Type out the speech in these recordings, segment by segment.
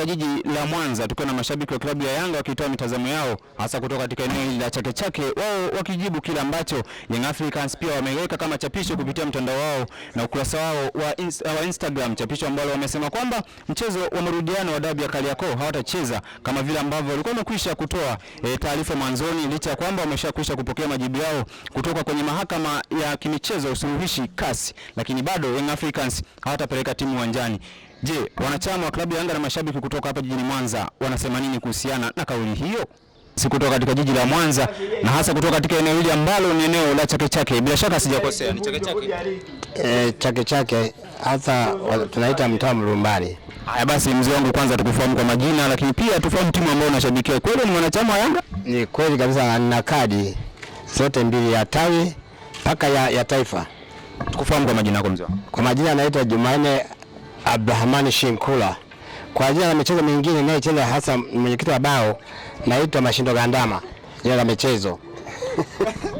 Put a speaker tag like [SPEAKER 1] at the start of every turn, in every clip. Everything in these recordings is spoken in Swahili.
[SPEAKER 1] katika jiji la Mwanza tukiwa na mashabiki wa klabu ya Yanga wakitoa mitazamo yao hasa kutoka katika eneo hili la Chake Chake, wao wakijibu kile ambacho Young Africans pia wameweka kama chapisho kupitia mtandao wao na ukurasa wao wa, ins wa Instagram, chapisho ambalo wamesema kwamba mchezo wa marudiano wa dabi ya Kariakoo hawatacheza kama vile ambavyo walikuwa wamekwisha kutoa e, taarifa mwanzoni, licha ya kwamba wameshakwisha kupokea majibu yao kutoka kwenye mahakama ya kimichezo usuluhishi kasi, lakini bado Young Africans hawatapeleka timu uwanjani. Je, wanachama wa klabu ya Yanga na mashabiki kutoka hapa jijini Mwanza wanasema nini kuhusiana na kauli hiyo? Si kutoka katika jiji la Mwanza na hasa kutoka katika eneo hili ambalo ni eneo la Chake Chake. Bila shaka sijakosea, ni Chake Chake.
[SPEAKER 2] Eh, Chake Chake hasa tunaita mtaa mlumbani.
[SPEAKER 1] Haya basi, mzee wangu, kwanza tukufahamu kwa majina, lakini pia tufahamu timu ambayo unashabikia. Kweli ni mwanachama wa Yanga?
[SPEAKER 2] Ni kweli kabisa, nina kadi zote mbili, ya tawi mpaka ya, ya taifa.
[SPEAKER 1] Tukufahamu kwa majina yako mzee wangu.
[SPEAKER 2] Kwa majina anaitwa Jumanne Abdurahmani Shinkula. Kwa ajili la michezo mingine inayocheza hasa mwenyekiti wa bao naitwa Mashindo Gandama, jina la michezo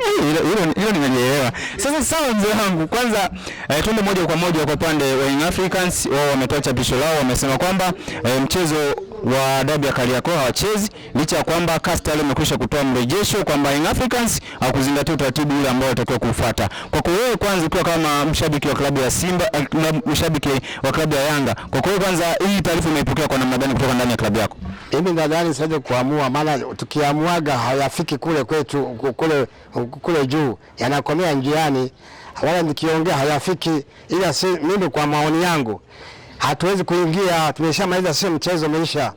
[SPEAKER 1] hilo nimeelewa. Sasa sawa, mzee wangu, kwanza eh, tuende moja kwa moja kwa upande wa Young Africans. Wao wametoa chapisho lao, wamesema kwamba eh, mchezo wa dabi ya Kariakoo hawachezi licha ya kwamba Castel amekwisha kutoa mrejesho kwamba Young Africans hakuzingatia utaratibu ule ambao watakiwa kufuata. Kwa kweli wewe kwanza, ukiwa kama mshabiki wa klabu ya Simba eh, na mshabiki wa klabu ya Yanga, kwa kweli kwanza, hii taarifa umeipokea kwa namna gani kutoka ndani ya klabu yako?
[SPEAKER 2] Mimi nadhani siweze kuamua, maana tukiamuaga hayafiki kule kwetu, kule kule juu, yanakomea njiani, wala nikiongea hayafiki, ila si mimi, kwa maoni yangu hatuwezi kuingia, tumeshamaliza sio mchezo umeisha.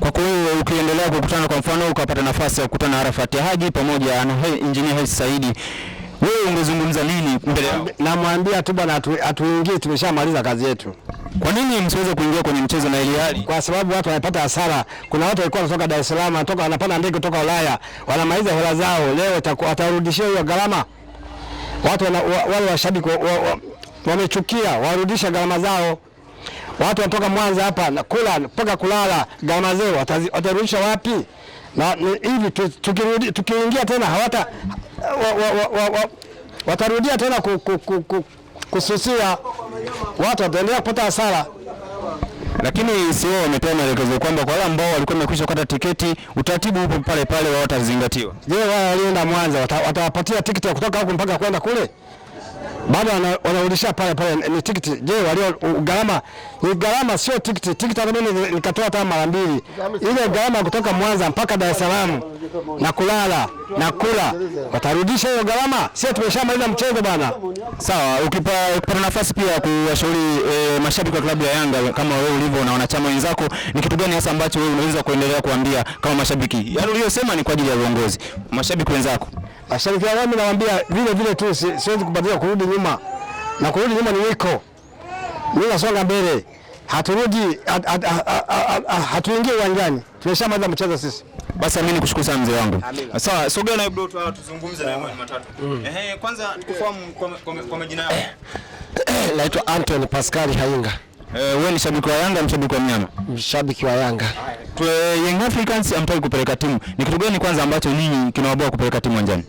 [SPEAKER 1] Kwa kuwa ukiendelea kukutana, kwa mfano ukapata nafasi ya kukutana na Arafat Haji pamoja na Injinia Hersi Saidi, wewe ungezungumza nini
[SPEAKER 2] mbele yao? Namwambia tu bwana, hatuingii, tumeshamaliza kazi yetu.
[SPEAKER 1] Kwa nini msiweze kuingia kwenye mchezo na ile
[SPEAKER 2] Kwa sababu watu wanapata hasara. Kuna watu walikuwa wanatoka Dar es Salaam, wanatoka wanapanda ndege kutoka Ulaya, wanamaliza hela zao, leo watarudishia hiyo gharama. Watu wale washabiki wamechukia, warudisha gharama zao watu wanatoka Mwanza hapa na kula mpaka kulala, gharama zao watarudisha wapi? Na hivi tukiingia tena hawata wa, wa, wa, wa, watarudia tena ku, ku, ku, ku, kususia, watu wataendelea kupata hasara.
[SPEAKER 1] Lakini sio e wametoa maelekezo kwamba kwa wale ambao walikuwa wamekwisha kupata tiketi, utaratibu upo pale pale, wao watazingatiwa.
[SPEAKER 2] Je, wale walienda Mwanza watawapatia tiketi ya kutoka huko mpaka kwenda kule? bado wanarudishia pale pale, ni tikiti. Je, walio gharama ni gharama, sio tikiti. Tikiti hata mimi nikatoa hata mara mbili, ile gharama kutoka Mwanza mpaka Dar es Salaam na kulala na kula, watarudisha hiyo gharama? Sio tumeshamaliza mchezo bana.
[SPEAKER 1] Sawa, ukipata nafasi pia kuwashauri e, mashabiki wa klabu ya Yanga kama wewe ulivyo na wanachama wenzako, ni kitu gani hasa ambacho wewe unaweza kuendelea kuambia kama mashabiki? Yale yaani uliyosema ni kwa ajili ya uongozi, mashabiki wenzako
[SPEAKER 2] Ashirikiana nami nawaambia vile vile tu, siwezi kubadilika kurudi nyuma, na kurudi nyuma ni wiko. Mimi nasonga mbele, haturudi hatuingie uwanjani, tumeshamaliza mchezo sisi.
[SPEAKER 1] Basi mimi nikushukuru sana mzee wangu. Sawa, sogea na Ibro tu tuzungumze na Imani matatu. Mm. Ehe, kwanza nikufahamu kwa majina yako.
[SPEAKER 2] Naitwa Anton Pascal Hainga.
[SPEAKER 1] Eh, wewe ni shabiki wa Yanga, mshabiki wa mnyama?
[SPEAKER 2] Mshabiki wa Yanga.
[SPEAKER 1] Young Africans hamtaki kupeleka timu. Ni kitu gani kwanza ambacho ninyi kinawaboa kupeleka timu uwanjani?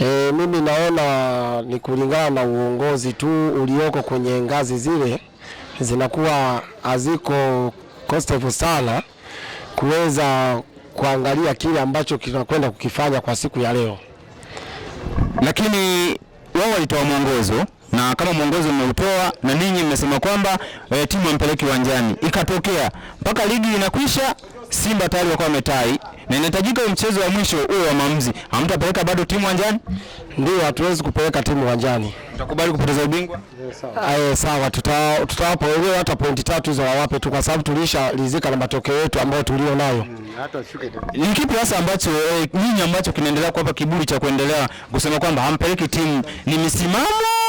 [SPEAKER 2] E, mimi naona ni kulingana na uongozi tu ulioko kwenye ngazi zile zinakuwa haziko cost sana kuweza kuangalia kile ambacho kinakwenda kukifanya kwa siku ya leo,
[SPEAKER 1] lakini wao walitoa mwongozo na kama mwongozo mmeutoa na ninyi mmesema kwamba e, timu ampeleki uwanjani, ikatokea mpaka ligi inakwisha, Simba tayari wakawa wametai na inahitajika mchezo wa mwisho huo wa maamuzi, hamtapeleka bado timu uwanjani? Ndio, hatuwezi kupeleka timu uwanjani. Mtakubali kupoteza ubingwa?
[SPEAKER 2] Yes, sawa, tutawapa wewe hata pointi tatu za wawape tu, kwa sababu tulisha tulishalizika na matokeo yetu ambayo tulio nayo.
[SPEAKER 1] Ni kipi hasa ambacho eh, ambacho kinaendelea kuwapa kiburi cha kuendelea kusema kwamba hampeleki timu? Ni misimamo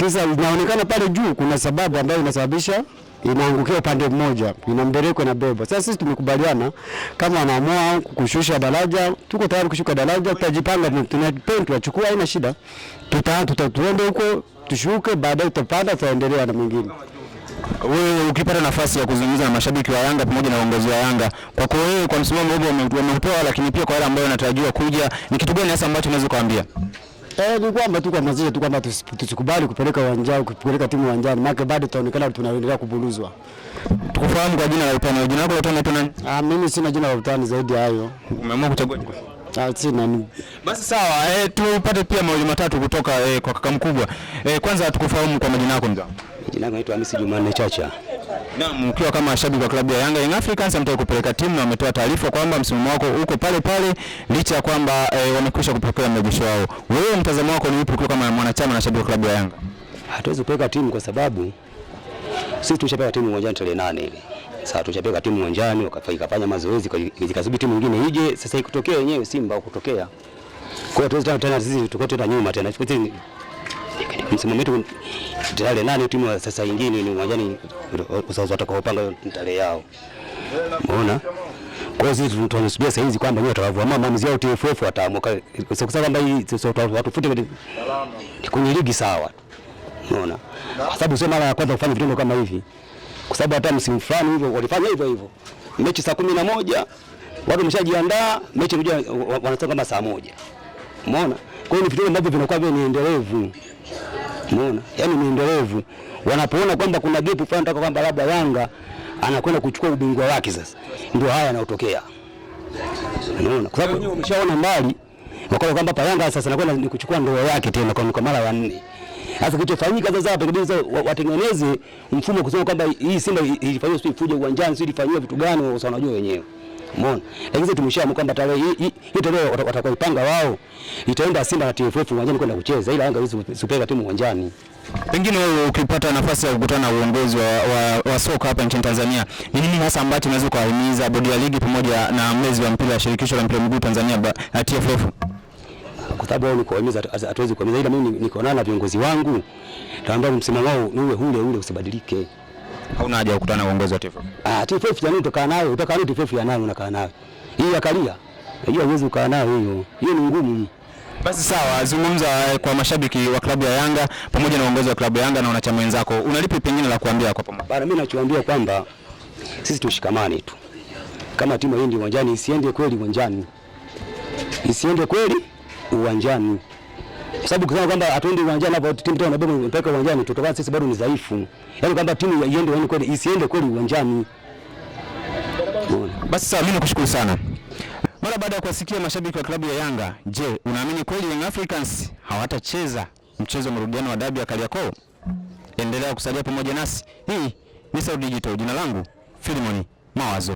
[SPEAKER 2] Sasa inaonekana pale juu kuna sababu ambayo inasababisha inaangukia upande mmoja, ina mbereko na beba. Sasa sisi tumekubaliana kama wanaamua kushusha daraja, tuko tayari kushuka daraja, tutajipanga, tunachukua, haina shida, tuende huko tushuke, baadaye tutapanda, tutaendelea na mwingine.
[SPEAKER 1] Wewe ukipata nafasi ya kuzungumza na mashabiki wa Yanga pamoja na uongozi wa Yanga, kwako wewe, kwa msimamo ambao wameutoa, lakini pia kwa wale ambao wanatarajiwa kuja, ni kitu gani hasa ambacho unaweza kuambia?
[SPEAKER 2] Eh, ni kwamba tu kuhamasisha tu kwamba tusikubali kupeleka uwanjani kupeleka timu uwanjani, maana bado tunaonekana tunaendelea kubuluzwa.
[SPEAKER 1] Tukufahamu kwa jina la utani. Jina lako la utani nani?
[SPEAKER 2] Ah, mimi sina jina la utani zaidi ya hayo. Umeamua kuchagua ah,
[SPEAKER 1] Basi sawa, eh, tupate pia mawili matatu kutoka eh, kwa kaka mkubwa. Eh, kwanza tukufahamu kwa majina yako mzee.
[SPEAKER 2] Jina langu naitwa Hamisi Jumanne Chacha.
[SPEAKER 1] Naam, ukiwa kama mashabiki wa klabu ya Yanga Young Africans amtaka kupeleka timu na wametoa taarifa kwamba msimamo wako uko pale pale licha ya kwamba e, wamekwisha kupokea mrejesho wao. Wewe mtazamo wako ni upi ukiwa kama mwanachama na shabiki wa klabu ya Yanga?
[SPEAKER 2] Hatuwezi kupeleka timu kwa sababu sisi tulishapeleka timu uwanjani tarehe nane ile. Sasa tulishapeleka timu uwanjani wakafanya mazoezi ikasubiri timu nyingine ije, sasa ikutokea yenyewe Simba au kutokea. Kwa hiyo tuwezi tena sisi tukatoka nyuma tena msimu wetu tarehe nane timu sasa ingine ni uwanjani watakaopanga tarehe yao. Umeona? Kwa hiyo sisi tunasubiria sasa hizi kwamba watakavua maamuzi yao, TFF wataamua kwamba watufute kwenye ligi sawa. Umeona? Kwa sababu sio mara ya kwanza kufanya vitendo kama hivi, kwa sababu hata msimu fulani hivyo walifanya hivyo hivyo, mechi saa kumi na moja watu wameshajiandaa, mechi wanasema kama saa moja. Umeona? Kwa hiyo ni vitendo ambavyo vinakuwa vile ni endelevu. Unaona? Yaani ni endelevu. Wanapoona kwamba kuna gap fulani nataka kwamba labda Yanga anakwenda kuchukua ubingwa wake sasa. Ndio haya yanayotokea. Umeona? Kwa sababu umeshaona mbali wakati kwamba hapa Yanga sasa anakwenda ni kuchukua ndoo yake tena kwa mara ya nne. Sasa kilichofanyika sasa hapa inabidi watengeneze mfumo kusema kwamba hii Simba ilifanywa sio ifuje uwanjani sio ilifanywa vitu gani, sasa wanajua wenyewe. Umeona? Lakini sisi tumeshaamua kwamba tarehe hii hii tarehe watakaoipanga wao itaenda Simba na TFF uwanjani kwenda kucheza, ila Yanga hizo supeka timu uwanjani.
[SPEAKER 1] Pengine wewe ukipata nafasi ya kukutana na uongozi wa, wa, wa soka hapa nchini Tanzania, ni nini hasa ambacho unaweza kuwahimiza bodi ya ligi pamoja na mlezi wa mpira wa shirikisho la mpira mguu Tanzania TFF?
[SPEAKER 2] Kwa sababu ni nikuhimiza, hatuwezi kuhimiza, ila mimi nikoonana na viongozi wangu, taambia msimamo wao ni ule ule usibadilike.
[SPEAKER 1] Hauna haja kukutana na uongozi wa TFF.
[SPEAKER 2] Ah, TFF jamii utakaa nayo? Utakaa nayo TFF ya nani unakaa nayo? Hii ya Kalia. Hiyo huwezi ukaa nayo hiyo. Hiyo ni ngumu.
[SPEAKER 1] Basi sawa, zungumza eh, kwa mashabiki wa klabu ya Yanga pamoja na uongozi wa klabu ya Yanga na wanachama wenzako. Unalipi pengine la kuambia kwa pamoja?
[SPEAKER 2] Bana, mimi nachoambia kwamba sisi tushikamane tu. Kama timu hii ndio uwanjani isiende kweli uwanjani. Isiende kweli uwanjani kwa sababu kusema kwamba hatuendi uwanjani hapo timu tena bado mpaka uwanjani tutokana sisi bado ni dhaifu, yaani kwamba timu iende yaani kweli isiende kweli uwanjani.
[SPEAKER 1] Basi sawa, mimi nakushukuru sana. Mara baada ya kuwasikia mashabiki wa klabu ya Yanga, je, unaamini kweli Young Africans hawatacheza mchezo wa marudiano wa dabi ya Kariakoo? Endelea kusalia pamoja nasi. Hii ni SAUT Digital. Jina langu Filimoni Mawazo.